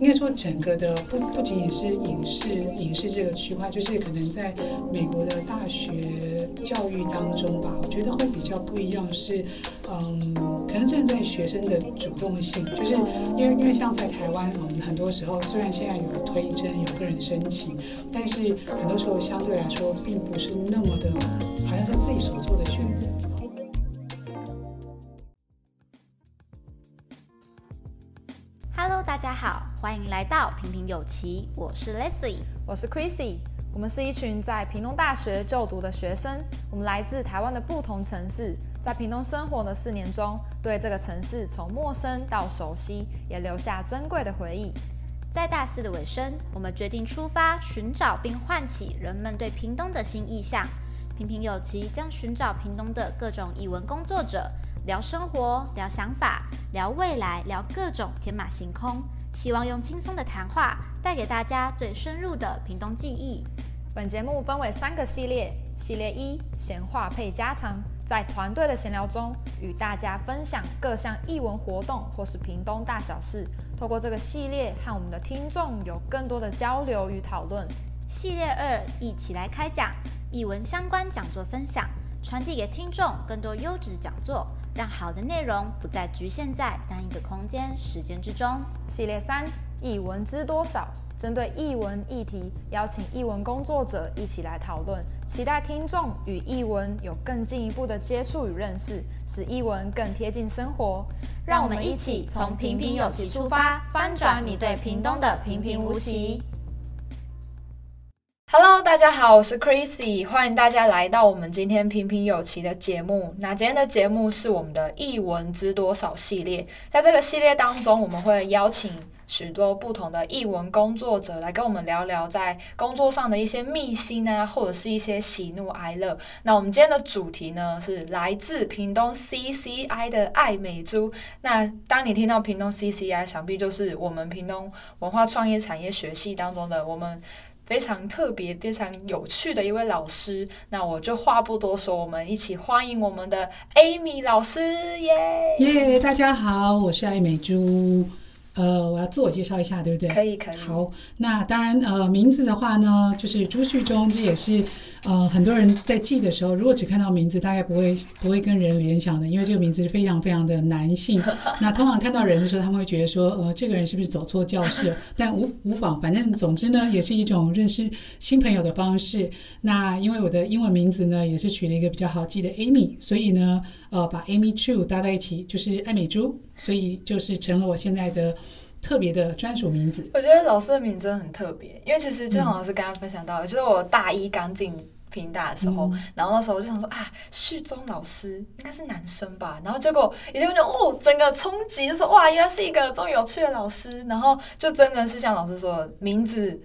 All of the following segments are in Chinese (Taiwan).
應該說，整個的不不僅僅是影視影視這個區塊，就是可能在美國的大學教育當中吧，我覺得會比較不一樣。是，嗯，可能真的在學生的主動性，就是因為因為像在台灣，我們很多時候雖然現在有推甄有個人申請，但是很多時候相對來說並不是那麼的，好像是自己所做的選擇。歡迎來到屏屏有奇，我是 Leslie，我是 Chrissy，我們是一群在屏東大學就讀的學生，我們來自台灣的不同城市，在屏東生活的四年中，對這個城市從陌生到熟悉，也留下珍貴的回憶。在大四的尾聲，我們決定出發，尋找並喚起人們對屏東的新意象。屏屏有奇將尋找屏東的各種藝文工作者。聊生活，聊想法，聊未來，聊各種天馬行空。希望用輕鬆的談話帶給大家最深入的屏東記憶。本節目分為三個系列：系列一，閒話配家常，在團隊的閒聊中與大家分享各項藝文活動或是屏東大小事。透過這個系列，和我們的聽眾有更多的交流與討論。系列二，一起來開講，藝文相關講座分享，傳遞給聽眾更多優質講座。讓好的內容不再局限在單一的空間、時間之中。系列三：藝文知多少？針對藝文議題，邀請藝文工作者一起來討論，期待聽眾與藝文有更進一步的接觸與認識，使藝文更貼近生活。讓我們一起從屏屏有奇出發，翻轉你對屏東的平平無奇。Hello，大家好，我是 Crisy，歡迎大家來到我們今天屏屏有奇的節目。那今天的節目是我們的藝文知多少系列，在這個系列當中，我們會邀請許多不同的藝文工作者來跟我們聊聊在工作上的一些秘辛啊，或者是一些喜怒哀樂。那我們今天的主題呢，是來自屏東 CCI 的艾美珠。那當你聽到屏東 CCI，想必就是我們屏東文化創意產業學系當中的我們。非常特別、非常有趣的一位老師，那我就話不多說，我們一起歡迎我們的 Amy 老師，耶耶！大家好，我是 Amy Chu，呃，我要自我介紹一下，對不對？可以，可以。好，那當然，呃，名字的話呢，就是朱旭中，這也是。呃，很多人在記的時候，如果只看到名字，大概不會不會跟人聯想的，因為這個名字是非常非常的男性。那通常看到人的時候，他們會覺得說，呃，這個人是不是走錯教室了？但無無妨，反正總之呢，也是一種認識新朋友的方式。那因為我的英文名字呢，也是取了一個比較好記的 Amy，所以呢，呃，把 Amy Chu 搭在一起，就是艾美朱。所以就是成了我現在的特別的專屬名字，我覺得老師的名真的很特別，因為其實就像老師剛剛分享到、嗯，就是我大一剛進屏大的時候，嗯、然後那時候我就想說啊，旭中老師應該是男生吧，然後結果也就覺得哦，整個衝擊就是哇，原來是一個這麼有趣的老師，然後就真的是像老師說的名字，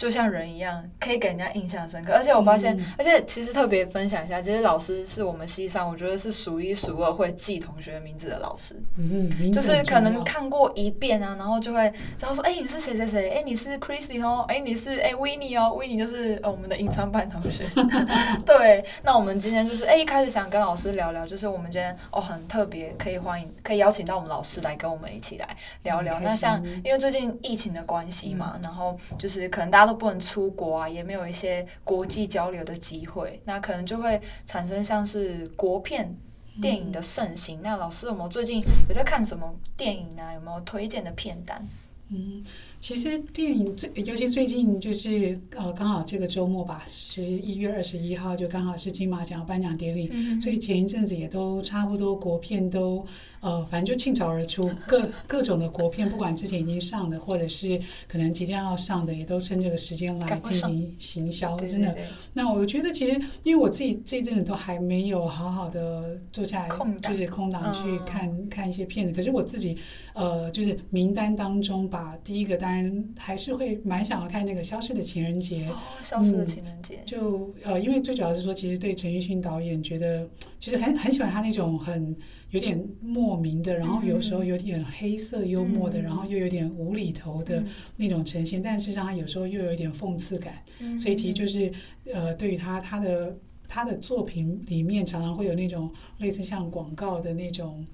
就像人一樣，可以給人家印象深刻。而且我發現，嗯、而且其實特別分享一下，其實老師是我們系上，我覺得是數一數二會記同學名字的老師。嗯嗯，就是可能看過一遍啊，然後就會然後說：“哎、欸，你是誰誰誰？哎、欸，你是 Chrissy 哦。哎、欸，你是哎、欸、Winnie 哦。Winnie 就是我們的隱藏班同學。 對。那我們今天就是哎、欸，一開始想跟老師聊聊，就是我們今天哦很特別，可以歡迎，可以邀請到我們老師來跟我們一起來聊聊。嗯、那像因為最近疫情的關係嘛、嗯，然後就是可能大家。不能出國啊，也沒有一些國際交流的機會，那可能就會產生像是國片電影的盛行。嗯、那老師，我們最近有在看什麼電影呢、啊？有沒有推薦的片單？嗯，其實電影最，尤其最近就是呃，剛好這個週末吧，十一月二十一號就剛好是金馬獎頒獎典禮，所以前一陣子也都差不多國片都。呃，反正就傾巢而出，各各種的國片， 不管之前已經上的，或者是可能即將要上的，也都趁這個時間來進行行銷。真的。那我覺得其實，因為我自己，自己這一陣子都還沒有好好的坐下來，空就是空檔去看，嗯、看一些片子。可是我自己，呃，就是名單當中吧，第一個單，當然還是會蠻想要看那個《消失的情人節》。哦，嗯，《消失的情人節》。就呃，因為最主要是說，其實對陳玉勳導演覺，覺得其實很很喜歡他那種很。有點莫名的，然後有時候有點黑色幽默的，嗯嗯嗯，然後又有點無厘頭的那種呈現，嗯嗯，但事實上他有時候又有一點諷刺感，嗯嗯嗯嗯，所以其實就是呃，對於他他的他的作品裡面常常會有那種類似像廣告的那種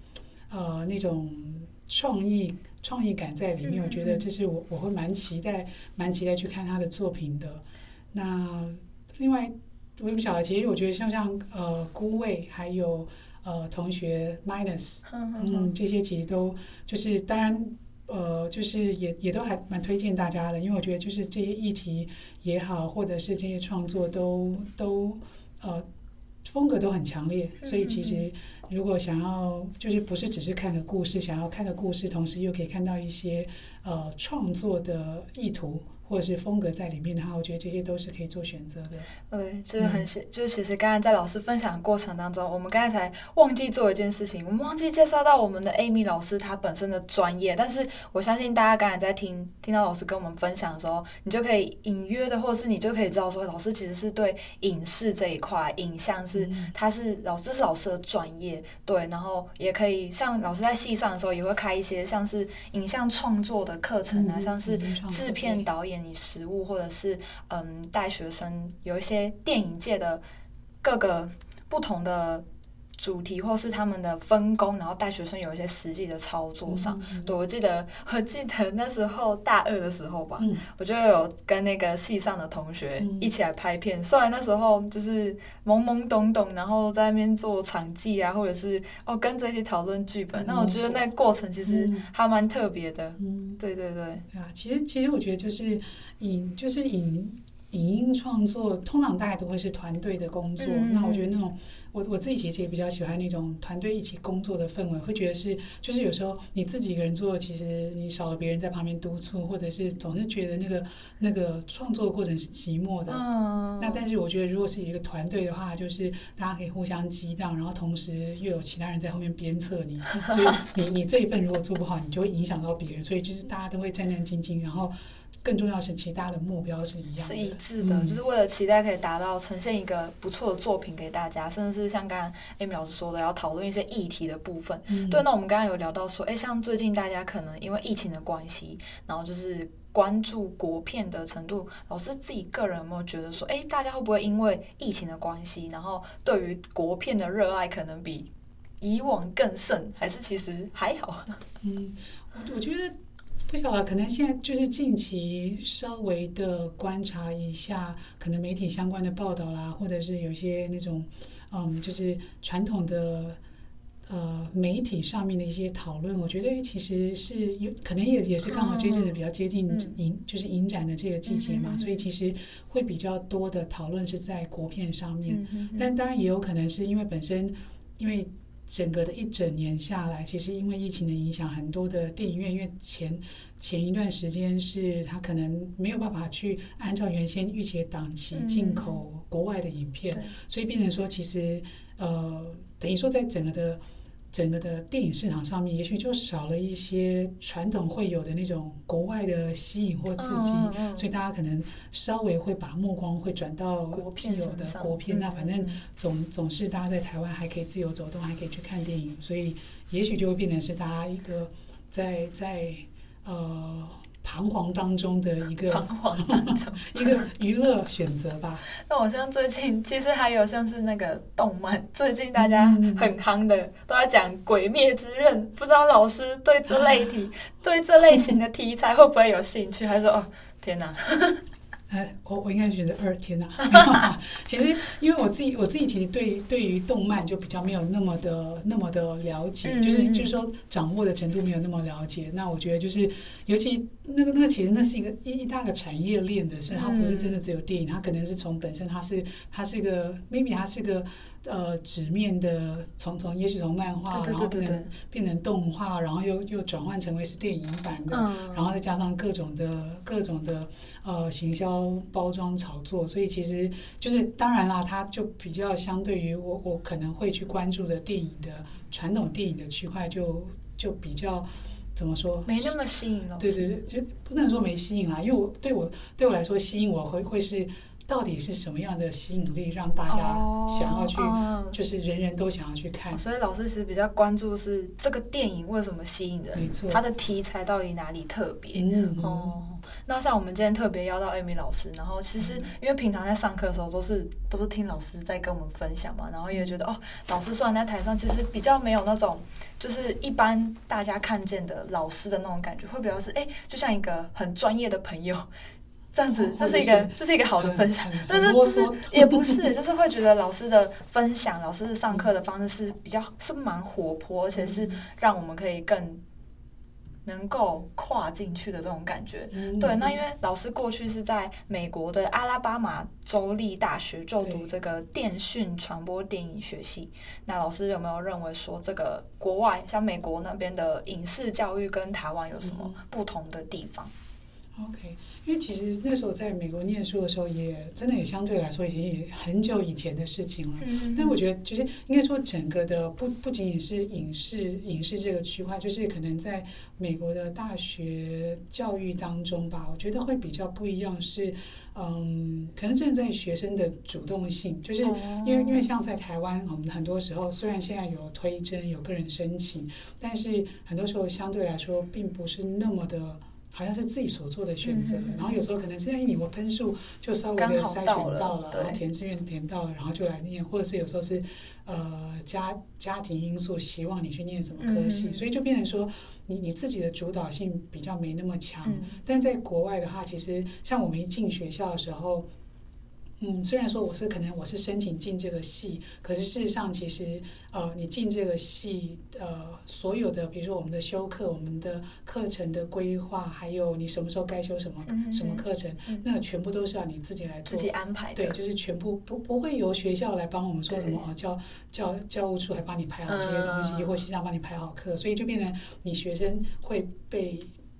呃那種創意創意感在裡面嗯嗯嗯，我覺得這是我我會蠻期待蠻期待去看他的作品的。那另外我也不曉得，其實我覺得像像呃姑味還有。呃，同學，Minus，嗯，這些其實都就是當然，呃，就是也也都還蠻推薦大家的，因為我覺得就是這些議題也好，或者是這些創作都都呃風格都很強烈，所以其實如果想要就是不是只是看個故事，想要看個故事，同時又可以看到一些呃創作的意圖。或者是風格在裡面的話，我覺得這些都是可以做選擇的。對、okay，這個很就是其實剛剛在老師分享的過程當中，我們剛才才忘記做一件事情，我們忘記介紹到我們的 Amy 老師她本身的專業。但是我相信大家剛才在聽聽到老師跟我們分享的時候，你就可以隱約的，或者是你就可以知道說，老師其實是對影視這一塊，影像是，他、嗯、是老師是老師的專業。對，然後也可以像老師在系上的時候，也會開一些像是影像創作的課程啊、嗯，像是製片導演。嗯嗯你食物，或者是嗯，帶學生有一些電影界的各個不同的主題或是他們的分工，然後帶學生有一些實際的操作上。嗯嗯、對，我記得，我記得那時候大二的時候吧，嗯、我就有跟那個系上的同學一起來拍片。雖、嗯、然那時候就是懵懵懂懂，然後在那邊做場記啊，或者是哦跟着一起討論劇本。嗯、那我覺得那個過程其實還蠻特別的。嗯，對對對。對啊，其實其實我覺得就是、就是、影就是影影音創作，通常大概都會是團隊的工作。嗯、那我覺得那種。我我自己其實也比較喜歡那種團隊一起工作的氛圍，會覺得是就是有時候你自己一個人做，其實你少了別人在旁邊督促，或者是總是覺得那個那個創作過程是寂寞的。嗯。那但是我覺得，如果是一個團隊的話，就是大家可以互相激盪，然後同時又有其他人在後面鞭策你，所以你你這一份如果做不好，你就會影響到別人，所以就是大家都會戰戰兢兢，然後。更重要是，其實大家的目標是一樣的，是一致的、嗯，就是為了期待可以達到呈現一個不錯的作品給大家，甚至是像剛剛 Amy 老師說的，要討論一些議題的部分。嗯、對，那我們剛剛有聊到說，哎、欸，像最近大家可能因為疫情的關係，然後就是關注國片的程度，老師自己個人有沒有覺得說，哎、欸，大家會不會因為疫情的關係，然後對於國片的熱愛可能比以往更甚，還是其實還好？嗯，我覺得。不曉得了，可能現在就是近期稍微的觀察一下，可能媒體相關的報道啦，或者是有些那種，嗯，就是傳統的呃媒體上面的一些討論，我覺得其實是有，可能也也是剛好接近的比較接近影、oh. 就是影展的這個季節嘛，mm -hmm. 所以其實會比較多的討論是在國片上面，mm -hmm. 但當然也有可能是因為本身因為。整個的一整年下來，其實因為疫情的影響，很多的電影院因為前前一段時間是他可能沒有辦法去按照原先預期的檔期進口國外的影片，嗯，所以變成說其實呃等於說在整個的。整個的電影市場上面，也許就少了一些傳統會有的那種國外的吸引或刺激，所以大家可能稍微會把目光會轉到國際有的國片，那反正總總是大家在台灣還可以自由走動，還可以去看電影，所以也許就會變成是大家一個在在呃。彷徨當中的一個彷徨當中 一個娛樂選擇吧 。那我像最近其實還有像是那個動漫，最近大家很夯的都在講《鬼滅之刃》，不知道老師對這類題、啊、對這類型的題材會不會有興趣？還是、啊、說：“哦，天哪、啊！”呵呵哎，我我應該覺得二天哪，其實因為我自己我自己其實對對於動漫就比較沒有那麼的那麼的了解，就是就是說掌握的程度沒有那麼了解。那我覺得就是，尤其那個那個其實那是一個一一大個產業鏈的事，它不是真的只有電影，它可能是從本身它是它是一個，maybe 它是一個。呃，紙面的，從從也許從漫畫，然後變成變成動畫，然後又又轉換成為是電影版的，然後再加上各種的各種的呃行銷包裝炒作，所以其實就是當然啦，它就比較相對於我我可能會去關注的電影的傳統電影的區塊，就就比較怎麼說？沒那麼吸引了。對對對，就不能說沒吸引啊，因為我對我對我來說吸引我會會是。到底是什麼樣的吸引力讓大家想要去，oh, uh, 就是人人都想要去看？所以老師其實比較關注是這個電影為什麼吸引人，沒錯，他的題材到底哪裡特別嗯嗯？哦，那像我們今天特別邀到 Amy 老師，然後其實因為平常在上課的時候都是都是聽老師在跟我們分享嘛，然後也覺得哦，老師雖然在台上其實比較沒有那種就是一般大家看見的老師的那種感覺，會比較是哎、欸，就像一個很專業的朋友。這樣子，這是一個，這是一個好的分享。但是就是也不是，就是會覺得老師的分享，老師上課的方式是比較，是蠻活潑，而且是讓我們可以更能夠跨進去的這種感覺。對，那因為老師過去是在美國的阿拉巴馬州立大學就讀這個電訊傳播電影學系。那老師有沒有認為說，這個國外像美國那邊的影視教育跟台灣有什麼不同的地方？OK，因為其實那時候在美國念書的時候，也真的也相對來說已經很久以前的事情了。嗯、但我覺得，就是應該說，整個的不不僅僅是影視影視這個區塊，就是可能在美國的大學教育當中吧，我覺得會比較不一樣。是，嗯，可能正在學生的主動性，就是因為、哦、因為像在台灣，我們很多時候雖然現在有推甄，有個人申請，但是很多時候相對來說並不是那麼的。好像是自己所做的選擇、嗯，然後有時候可能是因為你我分數就稍微的篩選到了，到了，然後填志願填到了，然後就來念，或者是有時候是，呃，家家庭因素希望你去念什麼科系，嗯、所以就變成說你你自己的主導性比較沒那麼強、嗯，但在國外的話，其實像我們一進學校的時候。嗯，雖然說我是可能我是申請進這個系，可是事實上其實，呃，你進這個系，呃，所有的比如說我們的修課、我們的課程的規劃，還有你什麼時候該修什麼、嗯、什麼課程、嗯，那個全部都是要你自己來做，自己安排的。對，就是全部不不會由學校來幫我們說什麼哦，教教教務處來幫你排好這些東西，嗯、或系上幫你排好課，所以就變成你學生會被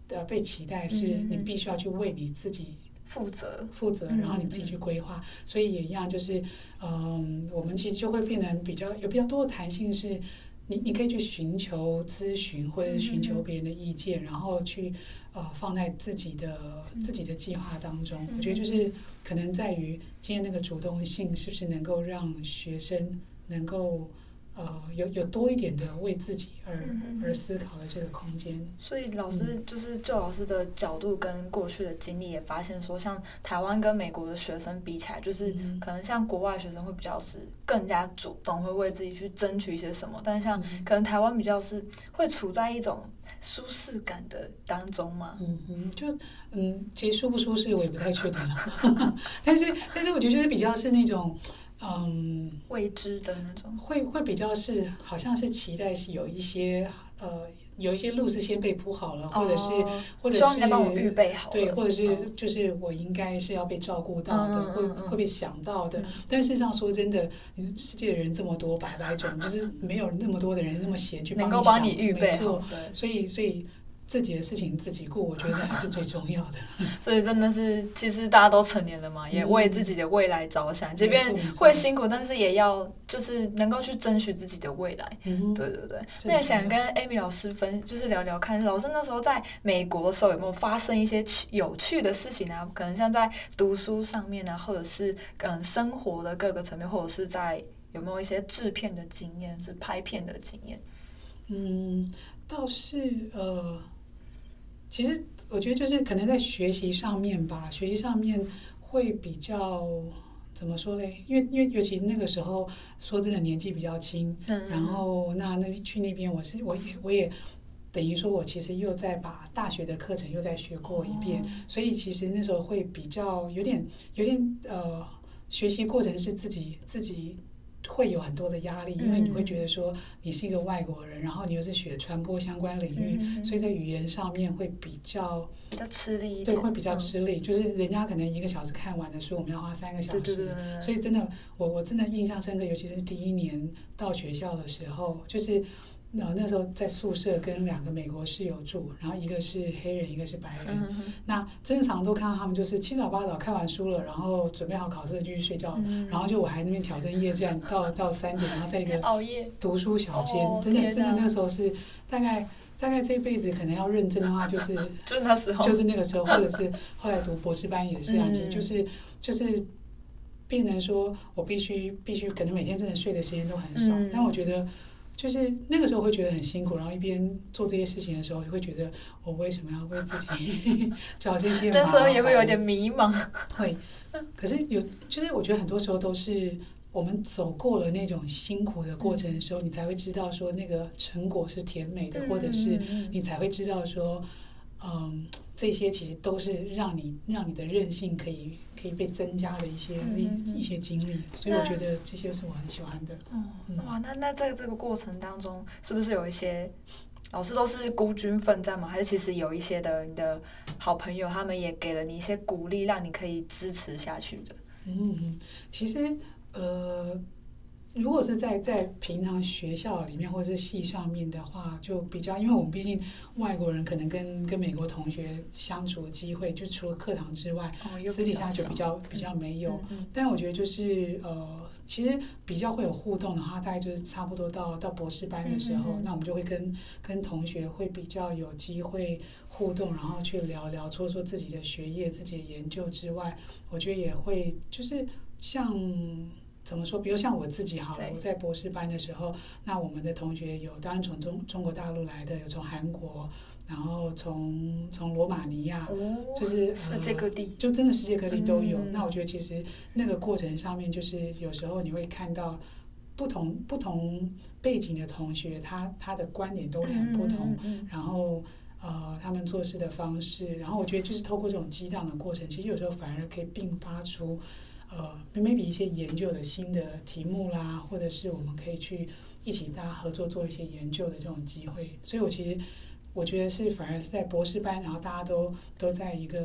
呃被期待是你必須要去為你自己。負責負責，然後你自己去規劃、嗯嗯，所以也一樣，就是嗯，我們其實就會變成比較有比較多的彈性是，是你你可以去尋求諮詢或者尋求別人的意見，嗯嗯，然後去呃放在自己的自己的計劃當中、嗯。我覺得就是可能在於今天那個主動性是不是能夠讓學生能夠。呃，有有多一點的為自己而、嗯、而思考的這個空間。所以老師就是就老師的角度跟過去的經歷也發現說，像台灣跟美國的學生比起來，就是可能像國外學生會比較是更加主動，會為自己去爭取一些什麼。但像可能台灣比較是會處在一種舒適感的當中嘛。嗯嗯，就嗯，其實舒不舒適我也不太確定。 但是但是我覺得就是比較是那種。嗯、um，未知的那種，會會比較是，好像是期待是有一些，呃，有一些路是先被鋪好了，嗯、或者是、哦、或者是幫我預備好，對，或者是、嗯、就是我應該是要被照顧到的，嗯、會會被想到的。嗯、但事實上說真的，世界的人這麼多，百百種，嗯、就是沒有那麼多的人那麼閒去能夠幫你，想幫你預備，沒錯，所以所以。所以自己的事情自己過，我覺得才是最重要的。 所以真的是，其實大家都成年了嘛，嗯嗯也為自己的未來着想。即便會辛苦，沒錯沒錯，但是也要就是能夠去爭取自己的未來。嗯，嗯，對對對。那也想跟 Amy 老師分，就是聊聊看，老師那時候在美國的時候有沒有發生一些趣有趣的事情啊？可能像在讀書上面呢、啊，或者是嗯生活的各個層面，或者是在有沒有一些制片的經驗，是拍片的經驗？嗯，倒是呃。其實我覺得就是可能在學習上面吧，學習上面會比較怎麼說嘞？因為因為尤其那個時候說真的年紀比較輕，嗯、然後那那去那邊我是我,我也我也等於說我其實又在把大學的課程又再學過一遍，嗯、所以其實那時候會比較有點有點呃學習過程是自己自己。會有很多的壓力，因為你會覺得說你是一個外國人，嗯、然後你又是學傳播相關領域，嗯嗯，所以在語言上面會比較，比較吃力對，會比較吃力，嗯。就是人家可能一個小時看完的書，我們要花三個小時。對對對。所以真的，我我真的印象深刻，尤其是第一年到學校的時候，就是，然後那時候在宿舍跟兩個美國室友住，然後一個是黑人，一個是白人。嗯嗯，那正常都看到他們就是七早八早看完書了，然後準備好考試繼續睡覺嗯嗯。然後就我還那邊挑燈夜戰 到到三點，然後在一個熬夜讀書小間，哦、真的真的那時候是大概大概這輩子可能要認真的話，就是 就是那時候， 就是那個時候，或者是後來讀博士班也是這樣子，就是就是變成說我必須必須可能每天真的睡的時間都很少，嗯、但我覺得。就是那個時候會覺得很辛苦，然後一邊做這些事情的時候，就會覺得我為什麼要為自己 找這些？ 那時候也會有點迷茫。會， 可是有，就是我覺得很多時候都是我們走過了那種辛苦的過程的時候，嗯、你才會知道說那個成果是甜美的，嗯嗯嗯，或者是你才會知道說。嗯，這些其實都是讓你讓你的韌性可以可以被增加的一些嗯嗯一,一些經歷，所以我覺得這些是我很喜歡的。嗯、哇，那那在這個過程當中，是不是有一些老師都是孤軍奮戰嘛？還是其實有一些的你的好朋友，他們也給了你一些鼓勵，讓你可以支持下去的？嗯，嗯，其實呃。如果是在在平常學校裡面或者是系上面的話，就比較，因為我們畢竟外國人可能跟跟美國同學相處的機會，就除了課堂之外，私底下就比較比較沒有。但我覺得就是呃，其實比較會有互動的話，大概就是差不多到到博士班的時候，那我們就會跟跟同學會比較有機會互動，然後去聊聊說說自己的學業、自己的研究之外，我覺得也會就是像。怎麼說？比如像我自己哈，我在博士班的時候，那我們的同學有當然從中中國大陸來的，有從韓國，然後從從羅馬尼亞，就是世界各地，就真的世界各地都有。那我覺得其實那個過程上面，就是有時候你會看到不同不同背景的同學，他他的觀點都很不同，然後呃，他們做事的方式，然後我覺得就是透過這種激盪的過程，其實有時候反而可以迸發出。呃，maybe 一些研究的新的題目啦，或者是我們可以去一起大家合作做一些研究的這種機會。所以我其實我覺得是反而是在博士班，然後大家都都在一個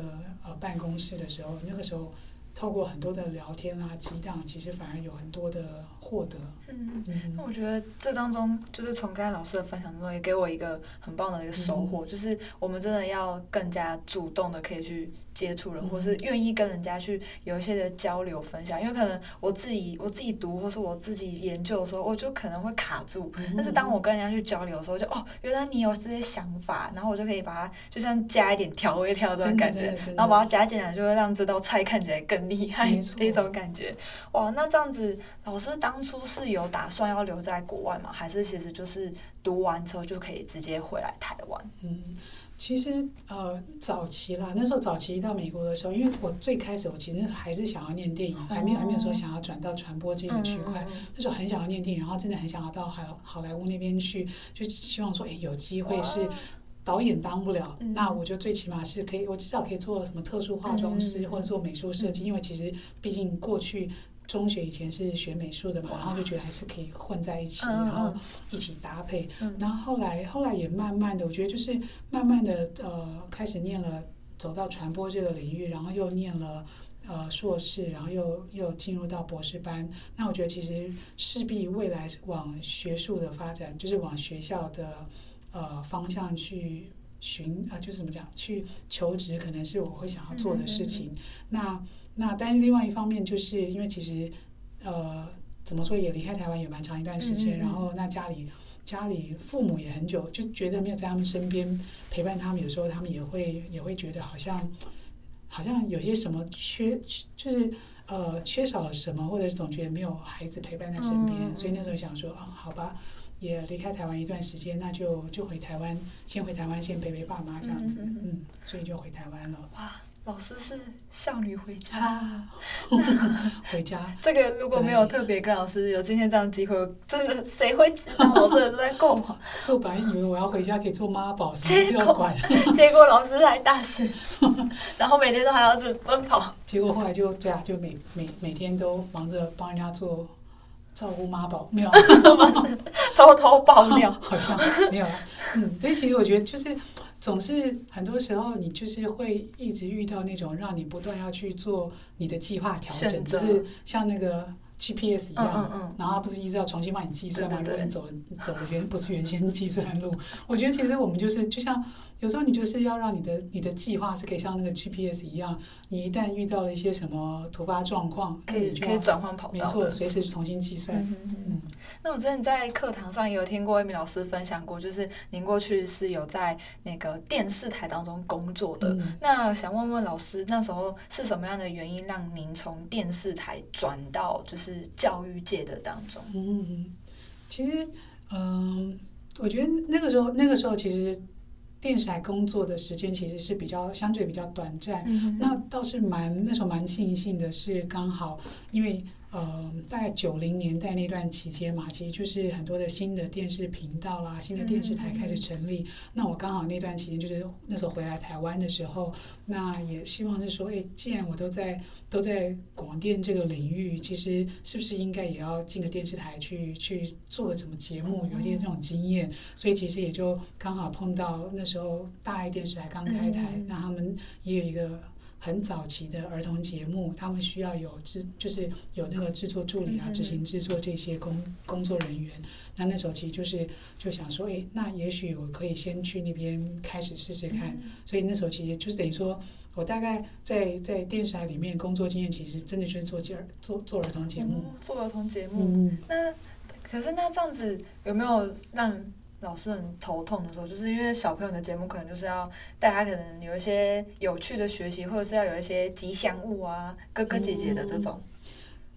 呃辦公室的時候，那個時候透過很多的聊天啊、激盪，其實反而有很多的獲得。嗯嗯嗯。那我覺得這當中就是從剛才老師的分享中，也給我一個很棒的一個收穫，嗯，就是我們真的要更加主動的可以去。接觸人，或是願意跟人家去有一些的交流分享，嗯、因為可能我自己我自己讀或是我自己研究的時候，我就可能會卡住。嗯、但是當我跟人家去交流的時候就，就、嗯、哦，原來你有這些想法，然後我就可以把它就像加一點調味料這種感覺，然後把它加進來，就會讓這道菜看起來更厲害那種感覺。哇，那這樣子，老師當初是有打算要留在國外嗎？還是其實就是讀完之後就可以直接回來台灣？嗯。其實呃，早期啦，那時候早期到美國的時候，因為我最開始我其實還是想要念電影，oh. 還沒有還沒有說想要轉到傳播這個區塊，oh. 那時候很想要念電影，然後真的很想要到好好萊塢那邊去，就希望說誒、欸、有機會是導演當不了，oh. 那我就最起碼是可以，我至少可以做什麼特殊化妝師或者做美術設計，oh. 因為其實畢竟過去。中學以前是學美術的嘛，然後就覺得還是可以混在一起，然後一起搭配。然後後來，後來也慢慢的，我覺得就是慢慢的呃，開始念了，走到傳播這個領域，然後又念了呃碩士，然後又又進入到博士班。那我覺得其實勢必未來往學術的發展，就是往學校的呃方向去。尋啊，就是怎麼講，去求職可能是我會想要做的事情。那、嗯嗯嗯、那，那但是另外一方面，就是因為其實，呃，怎麼說也離開台灣也蠻長一段時間、嗯嗯，然後那家裡家裡父母也很久就覺得沒有在他們身邊陪伴他們，有時候他們也會也會覺得好像好像有些什麼缺，就是呃缺少了什麼，或者總覺得沒有孩子陪伴在身邊、嗯嗯，所以那時候想說啊、嗯，好吧。也、yeah, 離開台灣一段時間，那就就回台灣，先回台灣先陪陪爸媽這樣子、嗯嗯嗯，嗯，所以就回台灣了。哇，老師是孝女回家、啊 ，回家。這個如果沒有特別跟老師有今天這樣的機會，真的誰會知道 我正在幹嘛？說白了，我要回家可以做媽寶，什麼都要管。 結果老師來大學， 然後每天都還要去奔跑、嗯。結果後來就對啊，就每每每天都忙着幫人家做。照顧媽寶沒有， 偷偷爆料好像沒有，嗯，所以其實我覺得就是總是很多時候你就是會一直遇到那種讓你不斷要去做你的計劃調整，就是像那個 GPS 一樣，然後不是一直要重新幫你計算嘛，如果你走的你走的原不是原先計算的路，我覺得其實我們就是就像。有時候你就是要讓你的你的計劃是可以像那個 GPS 一樣，你一旦遇到了一些什麼突發狀況，可以可以轉換跑道沒，沒錯，隨時重新計算。嗯嗯，那我之前在課堂上也有聽過 Amy 老師分享過，就是您過去是有在那個電視台當中工作的，嗯。那想問問老師，那時候是什麼樣的原因讓您從電視台轉到就是教育界的當中？嗯嗯。其實，嗯，我覺得那個時候，嗯、那個時候其實。電視台工作的時間其實是比較相對比較短暫，嗯，那倒是蠻那時候蠻慶幸的是剛好因為。呃，大概九零年代那段期間嘛，其實就是很多的新的電視頻道啦，新的電視台開始成立。嗯嗯嗯嗯，那我剛好那段期間就是那時候回來台灣的時候，那也希望是說，誒、欸、既然我都在都在廣電這個領域，其實是不是應該也要進個電視台去去做個什麼節目，有一點這種經驗、嗯嗯嗯嗯。所以其實也就剛好碰到那時候大愛電視台剛開台嗯嗯嗯嗯，那他們也有一個。很早期的兒童節目，他們需要有製，就是有那個製作助理啊，執行製作這些工工作人員。嗯、那那時候其實就是就想說，誒、欸，那也許我可以先去那邊開始試試看、嗯。所以那時候其實就是等於說，我大概在在電視台裡面工作經驗，其實真的就是做兒做做兒童節目，做兒童節目。嗯、那可是那這樣子有沒有讓？老師很頭痛的時候，就是因為小朋友的節目可能就是要大家可能有一些有趣的學習，或者是要有一些吉祥物啊，哥哥姐姐的這種。嗯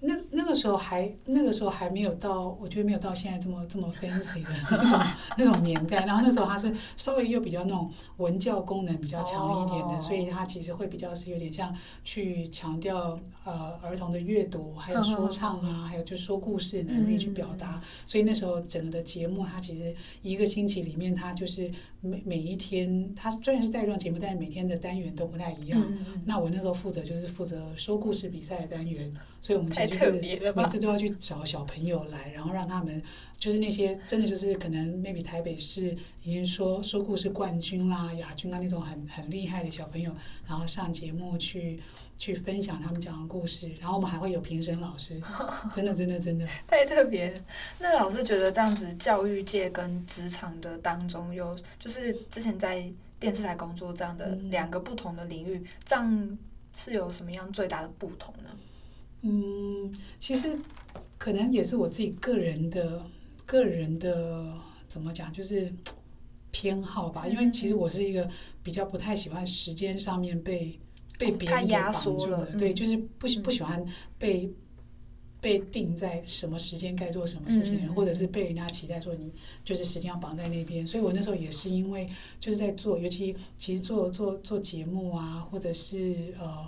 那那個時候還那個時候還沒有到，我覺得沒有到現在這麼這麼 fancy 的那種 那種年代。然後那時候他是稍微又比較那種文教功能比較強一點的，Oh. 所以它其實會比較是有點像去強調呃兒童的閱讀，還有說唱啊， 還有就是說故事能力去表達。Mm -hmm. 所以那時候整個的節目，它其實一個星期裡面，它就是每每一天，它雖然是帶狀節目，但是每天的單元都不太一樣。Mm -hmm. 那我那時候負責就是負責說故事比賽的單元。Mm -hmm. 所以，我們其實是每次都要去找小朋友來，然後讓他們就是那些真的就是可能 maybe 台北市已經說說故事冠軍啦、亞軍啊那種很很厲害的小朋友，然後上節目去去分享他們講的故事，然後我們還會有評審老師。真的，真的，真的太特別了。那老師覺得這樣子，教育界跟職場的當中有就是之前在電視台工作這樣的兩個不同的領域，這樣是有什麼樣最大的不同呢？嗯，其實可能也是我自己個人的個人的怎麼講，就是偏好吧。因為其實我是一個比較不太喜歡時間上面被被別人壓縮了，對，嗯、就是不喜不喜歡被、嗯、被定在什麼時間該做什麼事情、嗯，或者是被人家期待說你就是時間要綁在那邊。所以我那時候也是因為就是在做，尤其其實做做做節目啊，或者是呃。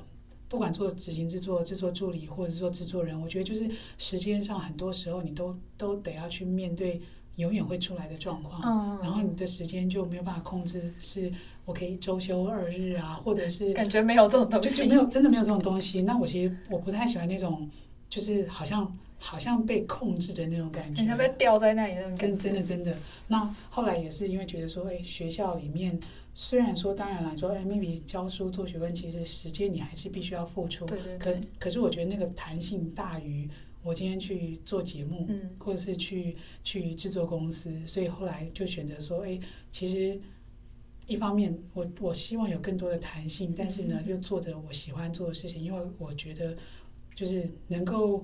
不管做執行製作、製作助理，或者是做製作人，我覺得就是時間上很多時候你都都得要去面對永遠會出來的狀況、嗯嗯嗯，然後你的時間就沒有辦法控制，是我可以周休二日啊，是是或者是感覺沒有這種東西，就就沒有真的沒有這種東西。 那我其實我不太喜歡那種，就是好像好像被控制的那種感覺，你被吊在那裡那種。跟真的真的。那後來也是因為覺得說，哎、欸，學校裡面。雖然說，當然來說，誒，maybe 教書做學問，其實時間你還是必須要付出。對對對，可可是，我覺得那個彈性大於我今天去做節目、嗯，或者是去去製作公司，所以後來就選擇說，哎、欸，其實一方面我我希望有更多的彈性、嗯，但是呢，又做着我喜歡做的事情，因為我覺得就是能夠。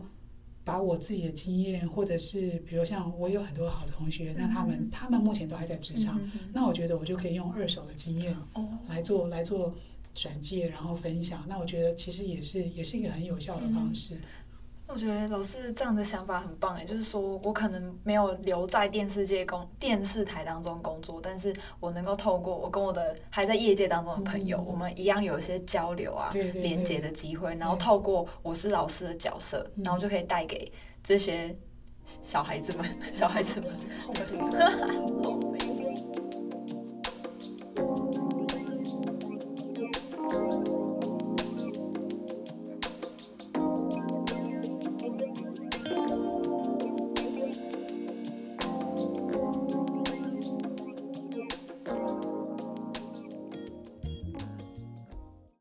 把我自己的經驗，或者是比如像我有很多好的同學，嗯、那他們他們目前都還在職場、嗯嗯嗯，那我覺得我就可以用二手的經驗來做、嗯、來做轉介，然後分享。那我覺得其實也是也是一個很有效的方式。嗯。我覺得老師這樣的想法很棒哎，就是說我可能沒有留在電視界工電視台當中工作，但是我能夠透過我跟我的還在業界當中的朋友、嗯，我們一樣有一些交流啊、對對對，連接的機會，然後透過我是老師的角色，對對對，然後就可以帶給這些小孩子們、小孩子們。對對對